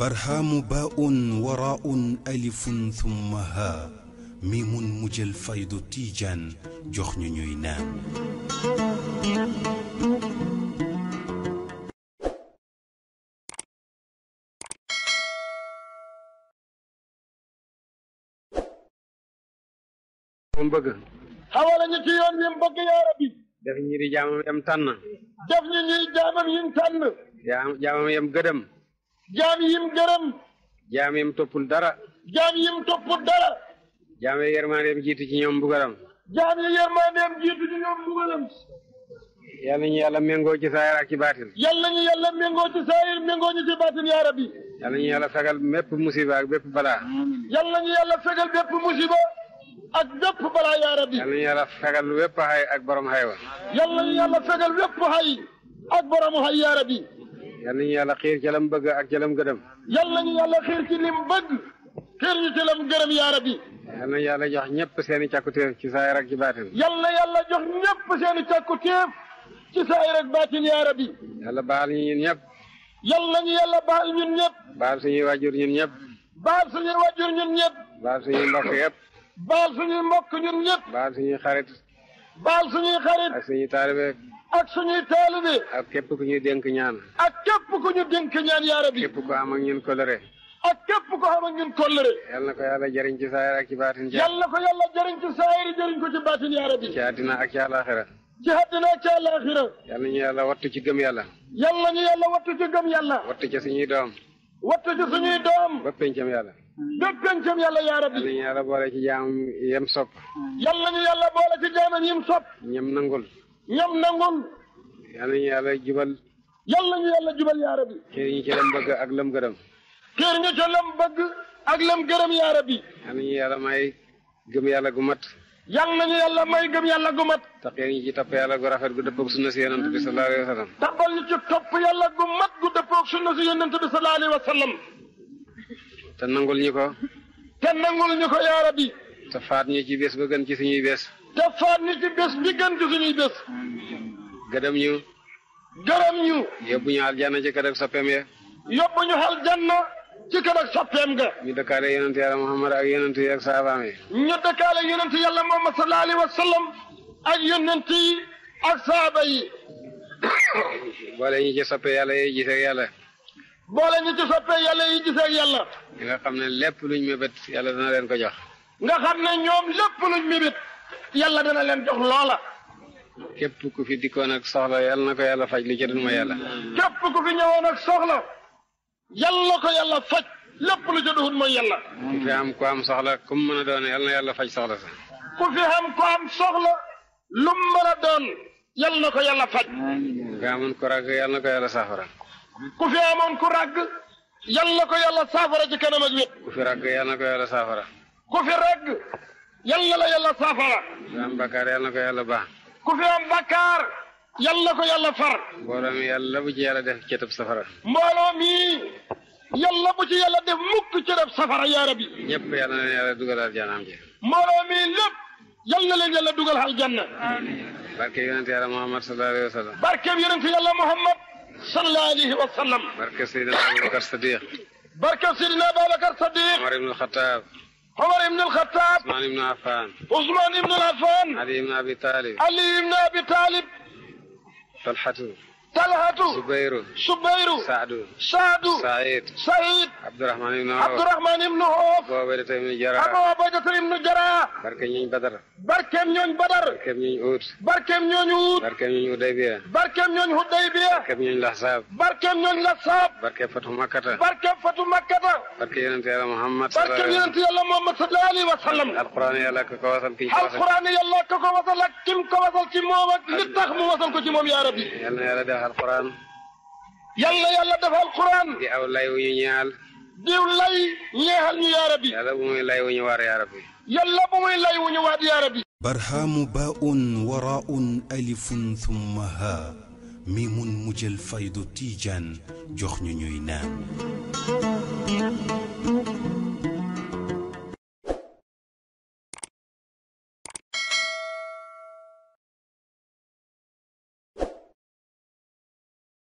barhaamu baaun waraaun alifun thumma haa miimun mu jël faydu tiijaan jox ñu ñuy naan mu bëgg ñu ñuy jaamam yim tànn jaam yim gërëm jaam yim toppul dara jaam yim toppul dara jaam yi yërmandeem jiitu ci ñoom mbugalam jaam yi yërmandeem jiitu ci ñoom mbugalam yàlla ñu yàlla méngoo ci saayir ak ci baatin yàlla ñu yàlla méngoo ci saayir méngoo ñu ci baatin yaa rabbi yàlla ñu yàlla fegal bépp musiba ak bépp balaa yàlla yàlla fegal bépp musiba ak bépp balaa yaa rabbi yàlla ak borom xay yal nañu yàlla xiir ci lam bëgg ak ci lam gërëm. yal nañu yàlla xiir ci lim bëgg. xiir ñu ci lam gërëm yaa rabbi. yal na yàlla jox ñëpp seen i càkkutéef ci saayir ak ci baatin. yal na yàlla jox ñëpp seen i càkkutéef ci saayir ak baatin yaa rabbi. yàlla baal ñu ñun ñëpp. yal nañu yàlla baal ñun ñëpp. baal suñuy wàjjur ñun ñëpp. baal suñuy wàjjur ñun ñëpp. baal suñuy mbokk yëpp. baal suñuy mbokk ñun ñëpp. baal suñuy xarit. baal suñuy xarit. ak suñuy taalibe ak suñuy taalibe ak képp ku ñuy dénk ñaan ak képp ku ñu dénk ñaan yaa rabbi képp ku am ak ñun kolere ak képp ko xam ak ñun kollëre yal na ko yàlla jëriñ ci saayir ak ci baatin yal na ko yàlla jëriñ ci saayir jëriñ ko ci baatin yaa rabbi ci àddina ak ci àllaaxira ci àddina ak ci àllaaxira yal ñu yàlla wattu ci gëm yàlla yal ñu yàlla wattu ci gëm yàlla wattu ci suñuy doom wattu ci suñuy doom ba pencam yàlla ba pencam yàlla yaa rabbi yal ci jaam yem sopp yal ñu yàlla boole ci jaamam yem sopp ñem nangul ñam nangul. yàlla ñu yàlla jubal. yàlla ñu yàlla jubal yaa rabbi. kër ñu ci lam bëgg ak lam gërëm. kër ñu ci la bëgg ak lam gërëm yaa rabbi. yàlla ñu yàlla may gëm yàlla gu mat. yàlla nañu yàlla may gëm yàlla gu mat. taqee ñu ci topp yàlla gu rafet gu dëppoog sunna si yonent bi sallallahu alayhi wa te nangul ñu ko. te nangul ñu ko yaa te faat ñi ci bés ba gën ci suñuy bés. te faat ñu ci bés bi gën ci suñuy bés. gërëm ñu. gërëm ñu. yóbbu ñu aljanna ci ak soppeem ya. yóbbu ñu ci kër ak soppeem ga. ñu dëkkaale yonent yàlla Muhammad ak yonent yi ak saabaam yi. ñu dëkkaale yonent yàlla Muhammad sallallahu alayhi wa sallam ak yonent yi ak saaba yi. boole ñu ci soppe yàlla yi gisee ak yàlla. boole ñu ci soppe yàlla yi gisee ak yàlla. ñi nga xam ne lépp luñ mébét yàlla dana leen ko jox. nga xam ne ñoom lépp luñ mibit yàlla dana leen jox loola. képp ku fi dikkoon soxla yàlla na ko yàlla faj li ci dun ma yàlla. képp ku fi ñëwoon ak soxla yàlla ko yàlla faj lépp lu ci duhut mooy yàlla. ku fi am ku am soxla ku mu mën doon yàlla na yàlla faj soxla sax. ku fi am ku am soxla lu mu mën a doon yàlla ko yàlla faj. ku fi amoon ku ràgg yàlla ko yàlla saafara. ku fi amoon ku ràgg yàlla ko yàlla saafara ci kanam ak wét. ku fi ràgg yàlla na ko yàlla saafara. ku fi regg yàlla la yàlla saafara. ku fi am bakkaar yàlla na ko yàlla baax. ku fi am bakkaar yàlla ko yàlla far. mbooloo mi yàlla bu ci yàlla def cëtëb safara. mbooloo mi yàlla bu ci yàlla def mukk cëtëb safara yaa rabbi. ñëpp yàlla na leen yàlla dugal aljanaam ji. mbooloo mi lépp yàlla leen yàlla dugal aljanna. barke yonent yàlla Muhammad sallallahu alayhi wa sallam. barke yonent yàlla Muhammad sallallahu alayhi wa sallam. barke Seydina Abubakar Sadiq. barke Seydina Abubakar Sadiq. Omar ibn Khattab. عمر بن الخطاب عثمان بن عفان عثمان بن عفان علي بن ابي طالب علي بن ابي طالب طلحة طلحة زبير زبير سعد سعد سعيد سعيد عبد الرحمن بن عوف عبد الرحمن بن عوف أبو عبيدة بن الجراح أبو Yaasir ibnu Jaraa. barkeem ñooñ Badar. barkeem ñooñ Badar. barkeem ñooñ Uud. barkeem ñooñ Uud. barkeem ñooñ Hudaybiya. barkeem ñooñ Hudaybiya. barkeem ñooñ Laxsaab. barkeem ñooñ Laxsaab. barkeem Fatu Makkata. barkeem Fatu Makkata. barkeem yonent Yàlla Muhammad. barkeem yonent Yàlla Muhammad sallallahu alayhi wa sallam. alquran yàlla ko ko wasal ki. alquran yàlla ko ko wasal ak kim ko wasal ci moom ak li tax mu wasal ko ci moom yaa rabbi. yàlla yàlla def alquran. yàlla yàlla def alquran. di aw lay wu ñu ñaal. diw lay ñeexal ñu yaa rabbi yàlla haa miimun mujjal faydu tiijaan jox ñu ñuy naan